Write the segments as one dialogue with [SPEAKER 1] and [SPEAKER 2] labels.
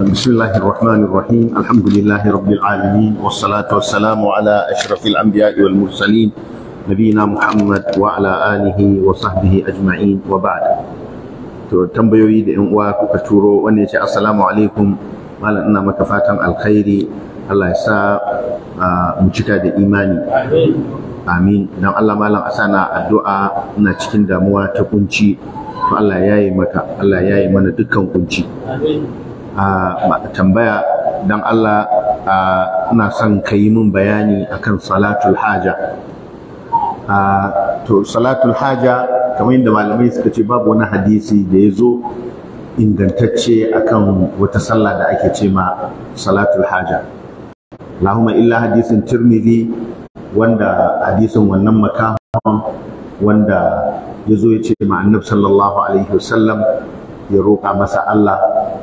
[SPEAKER 1] بسم الله الرحمن الرحيم الحمد لله رب العالمين والصلاة والسلام على أشرف الأنبياء والمرسلين نبينا محمد وعلى آله وصحبه أجمعين وبعد tambayoyi da yan uwa kuka turo wanda yace assalamu alaikum malam ina maka fatan alkhairi Allah ya sa mu cika da imani amin dan Allah malam asana addu'a ina cikin damuwa ta kunci to Allah ya mana dukkan kunci tambaya don Allah na son ka yi min bayani akan salatul haja to salatul haja kamar yadda malamai suka ce babu wani hadisi da ya zo ingantacce akan wata sallah da ake ce ma salatul haja lahuma illa hadisin tirmidhi wanda hadisin wannan makahon wanda ya zo ya ce ma annabi sallallahu alaihi wasallam ya roƙa masa Allah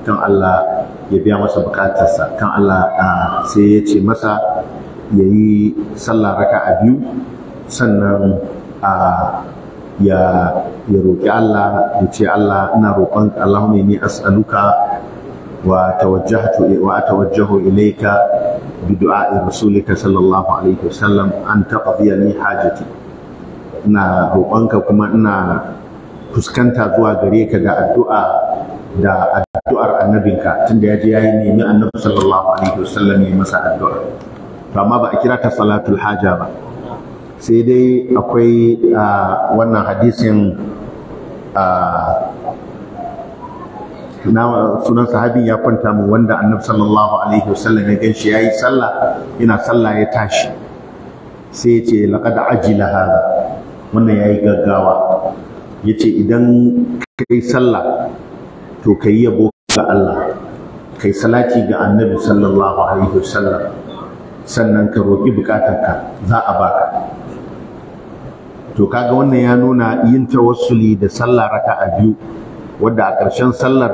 [SPEAKER 1] kan Allah ya biya masa bukatarsa kan Allah sai ya ce masa ya yi sallah raka a biyu sannan ya roƙi Allah ya ce Allah ina roƙon Allahumma ni as'aluka wa tawajjahtu wa atawajjahu ilayka bi du'a'i rasulika sallallahu alaihi wasallam an taqdiya ni hajati ina roƙonka kuma ina fuskanta zuwa gare ka ga addu'a da addu'ar annabinka tunda ya je ya yi nemi annabi sallallahu alaihi wasallam ya masa addu'a to amma ba a kira ta salatul haja ba sai dai akwai wannan hadisin sunan sahabin ya kwanta mu wanda annabi sallallahu alaihi wasallam ya ganshi yayi sallah yana sallah ya tashi sai ya ce laqad ajila hada wannan yayi gaggawa Ya ce idan kai sallah to ka yi yabo ga Allah kai salati ga annabi sallallahu alaihi wasallam sannan ka buƙatar bukatarka za a baka to kaga wannan ya nuna yin tawassuli da sallah raka'a biyu wadda a ƙarshen sallar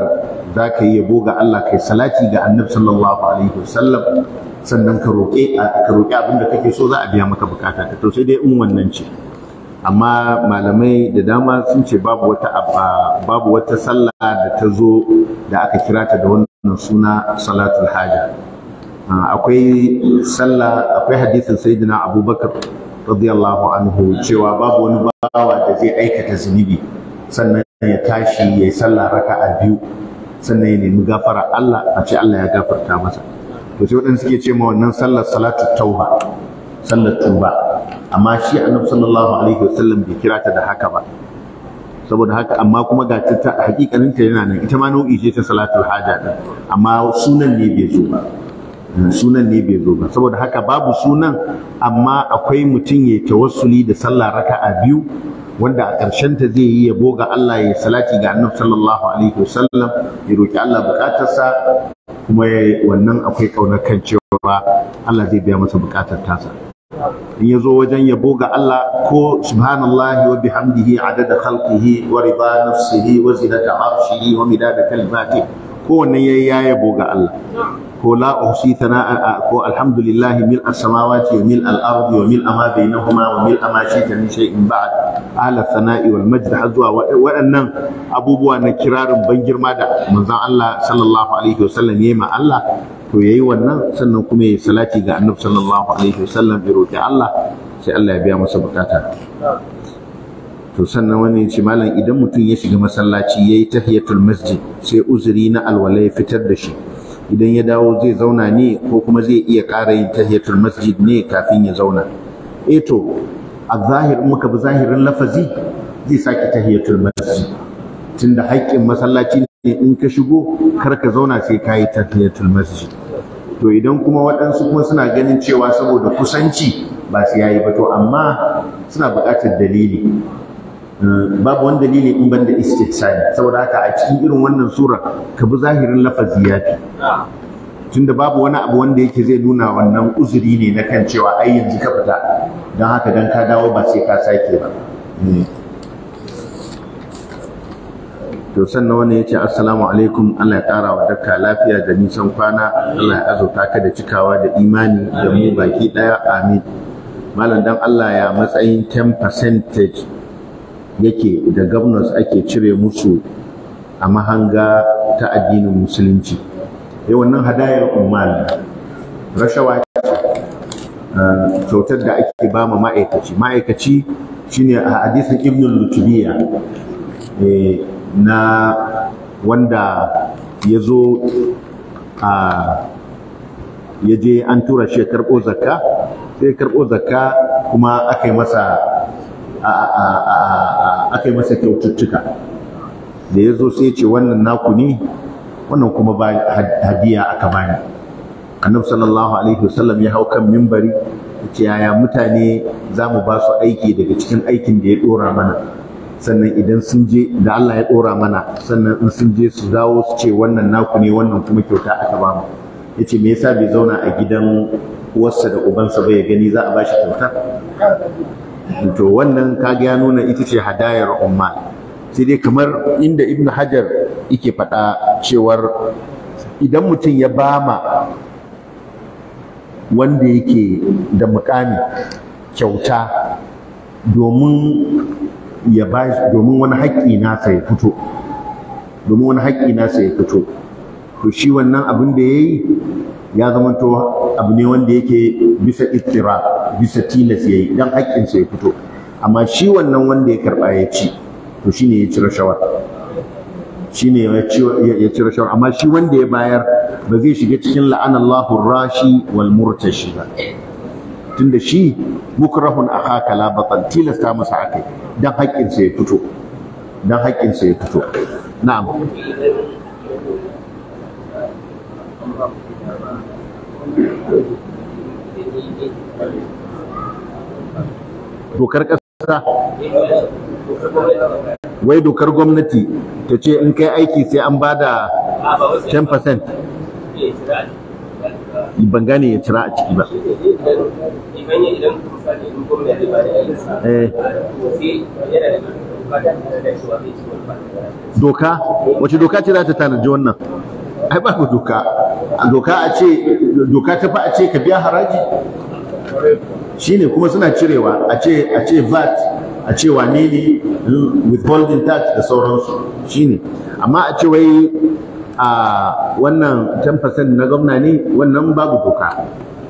[SPEAKER 1] za ka yi yabo ga Allah kai salati ga annabi sallallahu alaihi wasallam sannan ka roƙi abin da kake so za a biya maka bukata ka to sai dai in wannan ce amma malamai da dama sun ce babu wata babu wata sallah da ta zo da aka kira ta da wannan suna salatul haja ah, akwai sallah akwai hadisin sayyidina abubakar radiyallahu anhu cewa babu wani bawa da zai aikata zunubi sannan ya tashi ya yi sallah raka'a biyu sannan ya nemi gafara Allah a ce Allah ya gafarta masa to sai waɗanda suke ce ma wannan sallar salatu tauba sallar tuba amma shi annabi sallallahu alaihi wasallam bai kira ta da haka ba saboda haka amma kuma ga ta hakikanin ta yana nan ita ma nau'i ce ta salatul haja din amma sunan ne bai zo ba hmm, sunan ne bai zo ba saboda haka babu sunan amma akwai mutum ya tawassuli da sallah raka a biyu wanda a ƙarshen ta zai yi ya boga Allah ya salati ga annabi sallallahu alaihi wasallam ya roki Allah bukatarsa kuma wannan akwai kaunar kan cewa Allah zai biya masa bukatar tasa in zo wajen yabo ga Allah ko subhanallahi wa bihamdihi adada khalqihi wa rida nafsihi wa zinata arshihi wa midada kalimatihi kowanne yayi ya yabo ga Allah ko la uhsi thana'a ko alhamdulillah mil as-samawati wa mil al-ardi wa mil ma bainahuma wa mil ma shi'ta min shay'in ba'd ala thana'i wal majd har zuwa waɗannan abubuwa na kirarin ban girma da manzon Allah sallallahu alaihi wasallam yayi ma Allah to yayi wannan sannan kuma yayi salati ga annabi sallallahu alaihi wasallam ya roki Allah sai Allah ya biya masa bukata to sannan wani ya ce malam idan mutum ya shiga masallaci yayi tahiyatul masjid sai uzuri na alwala ya fitar da shi idan ya dawo zai zauna ne ko kuma zai iya ƙara yin tahiyatul masjid ne kafin ya zauna eh to a zahir muka bi zahirin lafazi zai sake tahiyatul masjid tunda haƙƙin masallaci ne in ka shigo kar ka zauna sai ka yi tahiyatul masjid to idan kuma waɗansu kuma suna ganin cewa saboda kusanci ba su yayi ba to amma suna buƙatar dalili babu wani dalili in ban da istihsani saboda haka a cikin irin wannan sura ka bi zahirin lafazi ya fi tunda babu wani abu wanda yake zai nuna wannan uzuri ne na kan cewa ai yanzu ka fita don haka dan ka dawo ba sai ka sake ba eh. to sannan wani ya ce assalamu alaikum Allah ya ƙara wa dakka lafiya da nisan kwana Allah ya azo ka da cikawa da imani da mu baki ɗaya amin malam dan Allah ya matsayin 10 percentage yake da governors ake cire musu a mahanga ta addinin musulunci eh wannan hadayar ummal rashawa eh, kyautar da ake ba ma ma'aikaci ma'aikaci shine a hadisin ibn lutubiya eh, na wanda ya zo a ya je an tura shi ya karɓo zakka sai ya karɓo zakka kuma aka yi masa aka yi masa kyaututtuka da ya zo sai ce wannan naku ne wannan kuma ba hadiya aka bani annabi sallallahu alaihi wasallam ya hau kan mimbari ce yaya mutane za mu ba su aiki daga cikin aikin da ya dora mana sannan idan sun je da Allah ya dora mana sannan in sun je su dawo su ce wannan naku ne wannan kuma kyauta aka ba mu yace me yasa bai zauna a gidan uwarsa da ubansa ba ya gani za a ba shi kyauta to wannan kaga ya nuna ita ce hadayar umma sai dai kamar inda ibnu hajar yake faɗa cewar idan mutum ya bama wanda yake da mukami kyauta domin ya ba domin wani haƙƙi nasa ya fito domin wani haƙƙi nasa ya fito to shi wannan abin da ya yi ya zamanto abu ne wanda yake bisa ittira bisa tilas yayi dan hakkin sa ya fito amma shi wannan wanda ya karba ya ci to shine ya ci rashawar shine ya ci rashawar amma shi wanda ya bayar ba zai shiga cikin la'anallahu rashi wal murtashi ba tunda shi mukrahun a la batal tilasta masa akai dan haƙƙin sa ya fito dan ya fito na'am Thank you. dokar ƙasa wai dokar gwamnati ta ce in kai aiki sai an ba da 10% ban gane ya cira a ciki ba eh. doka wace doka ce za ta tanaji wannan ai ba doka doka a ce doka ta fa a ce ka biya haraji shine kuma suna cirewa a ce a ce VAT a ce wane ne withholding tax da sauransu shine amma a ce wai a wannan 10% na gwamna ne wannan babu doka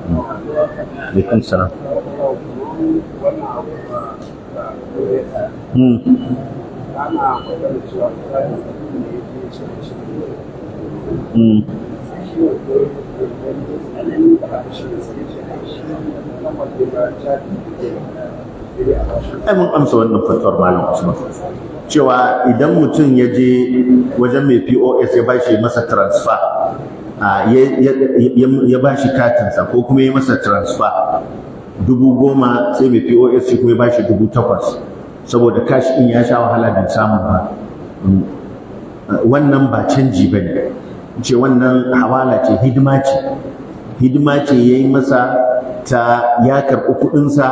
[SPEAKER 1] alaikum hmm. hmm. amsa wannan fatwar malam Usman cewa idan mutum ya je wajen mai POS ya bashi masa transfer ya bashi katinsa ko kuma ya masa transfer dubu goma sai mai POS kuma ya bashi dubu takwas saboda cash in ya sha wahala da samun ba mm. wannan ba canji ba ne ce wannan hawala ce hidima ce hidima ce ya yi masa ta ya karɓi kuɗinsa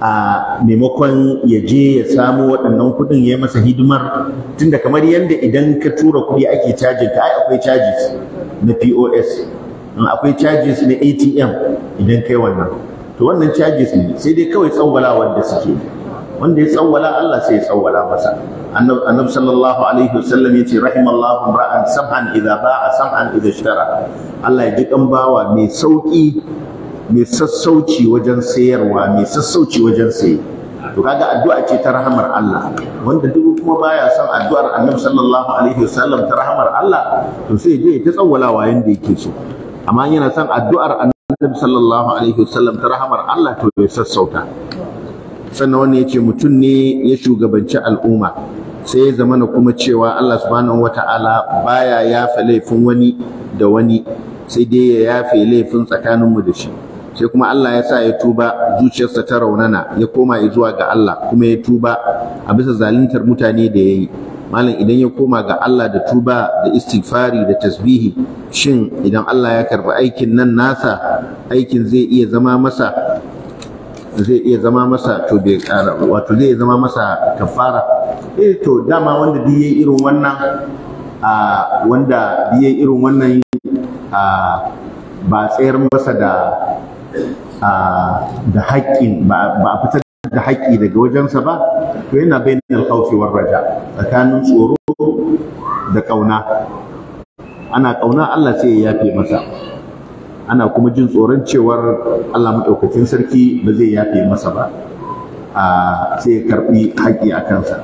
[SPEAKER 1] a maimakon ya je ya samu waɗannan kuɗin ya yi masa hidimar tunda kamar yadda idan ka tura kuɗi ake cajin ka ai akwai charges na POS akwai cajis na ATM idan kai wannan to wannan cajis ne sai dai kawai tsawwala wanda suke wanda ya tsawwala Allah sai ya tsawwala masa annabi sallallahu alaihi wasallam yace rahimallahu ra'an sam'an idza ba'a sam'an idza ishtara Allah ya ji kan bawa mai sauki mai sassauci wajen sayarwa mai sassauci wajen saye to kaga addu'a ce ta rahamar Allah wanda duk kuma baya son addu'ar Annabi sallallahu alaihi wasallam ta rahamar Allah to sai je ta tsawwalawa yanda yake so amma yana son addu'ar Annabi sallallahu alaihi wasallam ta rahamar Allah to ya sassauta sannan ya yace mutum ne ya shugabanci al'umma sai ya zamana kuma cewa Allah subhanahu wata'ala baya yafe laifin wani da wani sai dai ya yafe laifin tsakaninmu da shi sai kuma Allah ya sa ya tuba zuciyarsa ta raunana ya koma ya zuwa ga Allah kuma ya tuba a bisa zaluntar mutane da ya yi malam idan ya koma ga Allah da tuba da istighfari da tasbihi shin idan Allah ya karɓi aikin nan nasa aikin zai iya zama masa zai iya zama masa to bai kara wato zai zama masa kafara eh to dama wanda duk yayi irin wannan a wanda duk yayi irin wannan a ba tsayar masa da a da haƙƙi ba a fitar da haƙƙi daga wajensa ba to yana bainal alƙawfi war raja tsakanin tsoro da ƙauna, ana ƙauna Allah sai ya yafe masa ana kuma jin tsoron cewar Allah maɗaukakin sarki ba zai yafe masa ba a sai ya karɓi haƙƙi a kansa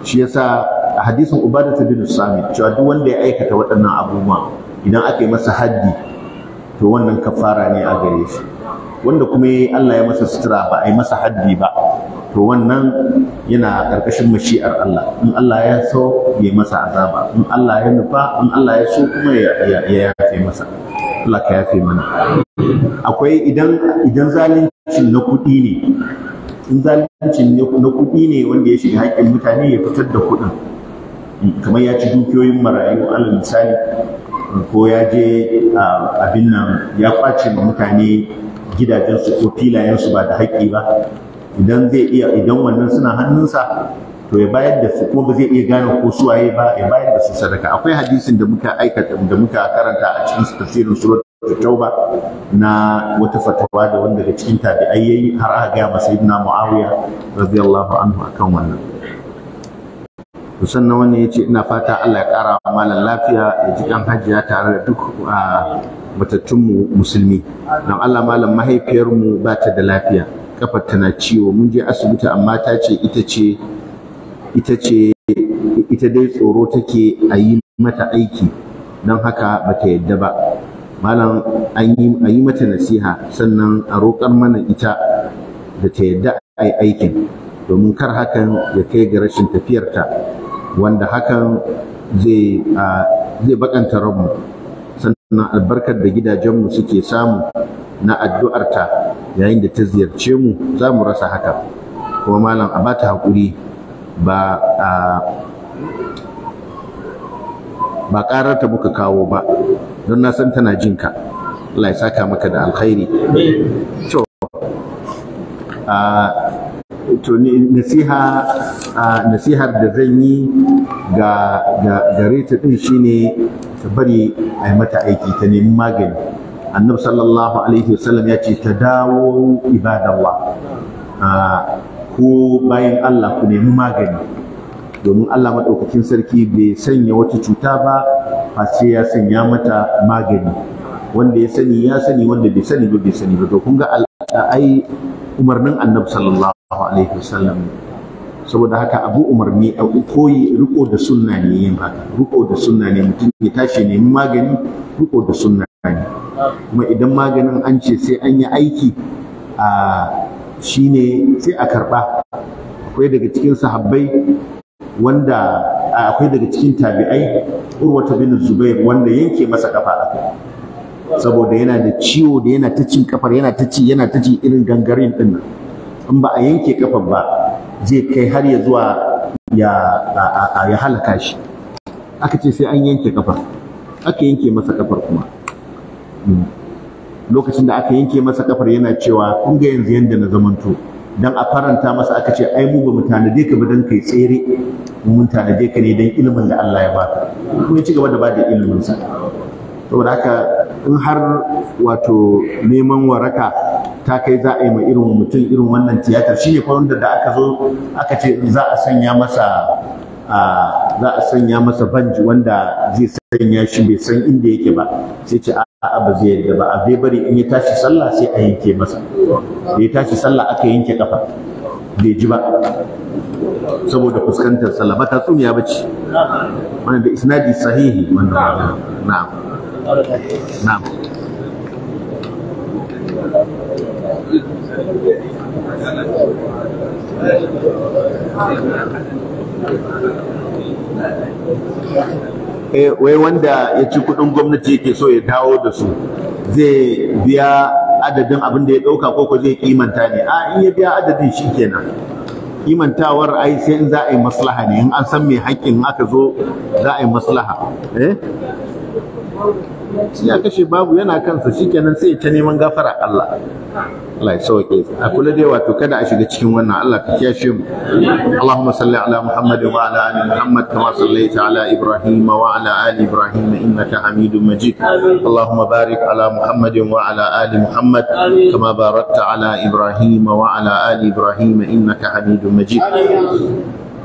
[SPEAKER 1] shi yasa a hadisin ubadatu bin samit cewa duk wanda ya aikata waɗannan abubuwa idan aka yi masa haddi to wannan kafara ne a gare shi wanda kuma Allah ya masa sutura ba a yi masa haddi ba to wannan yana ƙarƙashin mashi'ar Allah in Allah ya so ya masa azaba in Allah ya nufa in Allah ya so kuma ya yafe masa Allah ka yafe mana akwai idan idan zalincin na kuɗi ne in na kuɗi ne wanda ya shiga haƙƙin mutane ya fitar da kuɗin kamar ya ci dukiyoyin marayu alal misali ko ya je abin nan ya kwace ma mutane gidajensu ko filayensu ba da haƙƙi ba idan zai iya idan wannan suna hannunsa to ya bayar da su ko ba zai iya gane ko su waye ba ya bayar da su sadaka akwai hadisin da muka aikata da muka karanta a cikin tafsirin surat tauba na wata fatawa da wanda daga cikin tabi'ai yayi har aka ga masa ibn muawiya radiyallahu anhu akan wannan to sannan wannan yace ina fata Allah ya kara malam lafiya ya ji kan hajjiya tare da duk matattunmu musulmi don Allah malam mahaifiyarmu ba ta da lafiya kafar tana ciwo mun je asibiti amma ta ce ita ce ita ce ita dai tsoro take a yi mata aiki don haka ba ta yadda ba malam a yi mata nasiha sannan a roƙar mana ita da ta yadda a yi aikin domin kar hakan ya kai ga rashin tafiyarta wanda hakan zai zai bakanta ranmu sannan albarkar da gidajenmu suke samu na addu'arta yayin da ta ziyarce mu za mu rasa haka kuma malam a bata haƙuri ba a ba ƙararta muka kawo ba don na san tana jin ka Allah ya saka maka da alkhairi to a to nasiha nasihar da zan yi ga gare ta din shine ta bari a mata aiki ta nemi magani annabi sallallahu alaihi wasallam ya ce ta dawo ibadallah ko bayan Allah ku nemi magani domin Allah maɗaukakin sarki bai sanya wata cuta ba face ya sanya mata magani wanda ya sani ya sani wanda bai sani ba bai sani ba to kun ga ai umarnin annabi sallallahu alaihi wasallam saboda haka abu umarni koyi riko da sunna ne yin haka riko da sunna ne mutum ya tashi nemi magani riko da sunna ne kuma idan maganin an ce sai an yi aiki a shine sai a karɓa akwai daga cikin sahabbai wanda akwai daga cikin tabi'ai urwata bin zubair wanda yanke masa kafa akai saboda yana da ciwo da yana ta cin kafar yana ta ci yana ta irin gangarin din nan in ba a yanke kafar ba zai kai har ya zuwa ya ya halaka shi aka ce sai an yanke kafar aka yanke masa kafar kuma hmm. lokacin da aka yanke masa kafar yana cewa kun ga yanzu yanda na zamanto dan a faranta masa aka ce ai mu ba mu dai ka ba kai tsere mun dai ka ne dan ilimin da Allah ya baka kuma ci gaba da bada ilimin sa saboda haka in har wato neman waraka ta kai za a yi ma irin mutum irin wannan tiyatar shine kwanan da aka zo aka ce za a sanya masa a ah, za a sanya masa banji wanda zai sanya shi bai san inda yake ba sai ce a'a ba zai yadda ba a bai bari in ya tashi sallah sai a yanke masa da ya tashi sallah aka yanke kafa bai ji ba saboda fuskantar sallah ba tatsuniya ba ce wannan da isnadi sahihi ba na'am na'am Thank you. Eh, wai wanda ya ci kuɗin gwamnati yake so ya dawo da su zai biya adadin abin da ya ɗauka ko ko zai kimanta ne a in ya biya adadin shi kenan kimantawar ai sai in za a yi maslaha ne in an san mai haƙƙin aka zo za a yi maslaha eh Sai ya kashe babu yana kansa shikenan sai ta neman gafara Allah Allah ya sauke a kula dai wato kada a shiga cikin wannan Allah ka kiyashe mu Allahumma salli ala Muhammad wa ala ali Muhammad kama sallaita ala Ibrahim wa ala ali Ibrahim innaka Hamidum Majid Allahumma barik ala Muhammad wa ala ali Muhammad kama barakta ala Ibrahim wa ala ali Ibrahim innaka Hamidum Majid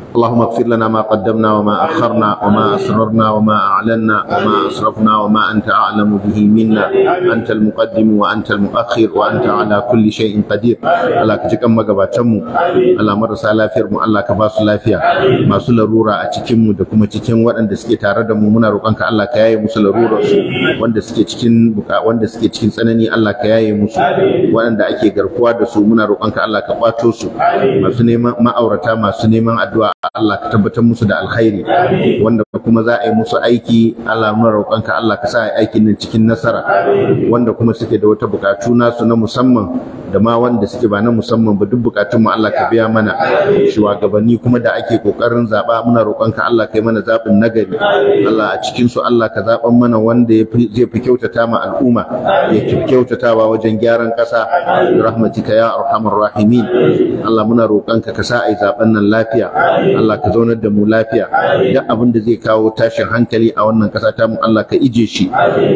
[SPEAKER 1] اللهم اغفر لنا ما قدمنا وما أخرنا وما أسررنا وما أعلنا وما أسرفنا وما أنت أعلم به منا أنت المقدم وأنت المؤخر وأنت على كل شيء قدير الله كجكم مغباتمو الله مرسى لافيرمو الله كباس لافيا ما سلرورا أتكمو دكما تكمو وأن دسكي تاردمو منا روكانك الله كياي مسلرورا وأن دسكي تكين وأن دسكي تكين سنني الله كياي مسو وأن دا أكي غرفوا دسو منا روكانك الله كباتوسو ما سنما ما أورتا ما سنما أدوا Allah ka tabbatar musu da alkhairi wanda kuma za a yi musu aiki Allah muna roƙonka Allah ka sa aikin nan cikin nasara wanda kuma suke da wata bukatu nasu na musamman da ma wanda suke ba na musamman ba duk bukatun mu Allah ka biya mana shugabanni kuma da ake kokarin zaba muna roƙonka Allah kai mana zabin nagari Allah a cikin su Allah ka zaban mana wanda zai fi kyautata ma al'umma ya fi kyautatawa wajen gyaran ƙasa rahmatika ya arhamar rahimin Allah muna roƙonka ka sa a zaben nan lafiya Allah ka zaunar da mu lafiya duk abin da zai kawo tashin hankali a wannan ƙasa ta mu Allah ka ije shi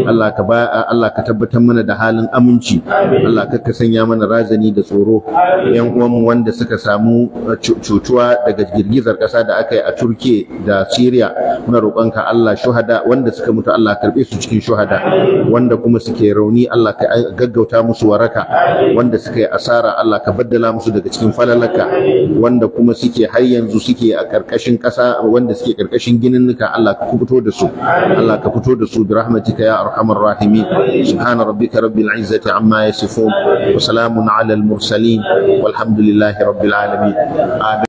[SPEAKER 1] Allah ka ba Allah ka tabbatar mana da halin aminci Allah ka sanya mana razani da tsoro yan uwanmu wanda suka samu uh, cutuwa daga girgizar ƙasa da aka yi a Turkiye da Syria muna roƙonka Allah shuhada wanda suka mutu Allah karbe su cikin shuhada wanda kuma suke rauni Allah ka uh, gaggauta musu waraka wanda suka yi asara Allah ka baddala musu daga cikin falalaka wanda kuma suke har yanzu suke suke a ƙarƙashin ƙasa wanda suke ƙarƙashin gininnuka Allah ka fito da su Allah ka fito da su bi rahmatika ya arhamar rahimin subhana rabbika rabbil izzati amma yasifun wa salamun ala al mursalin walhamdulillahi rabbil alamin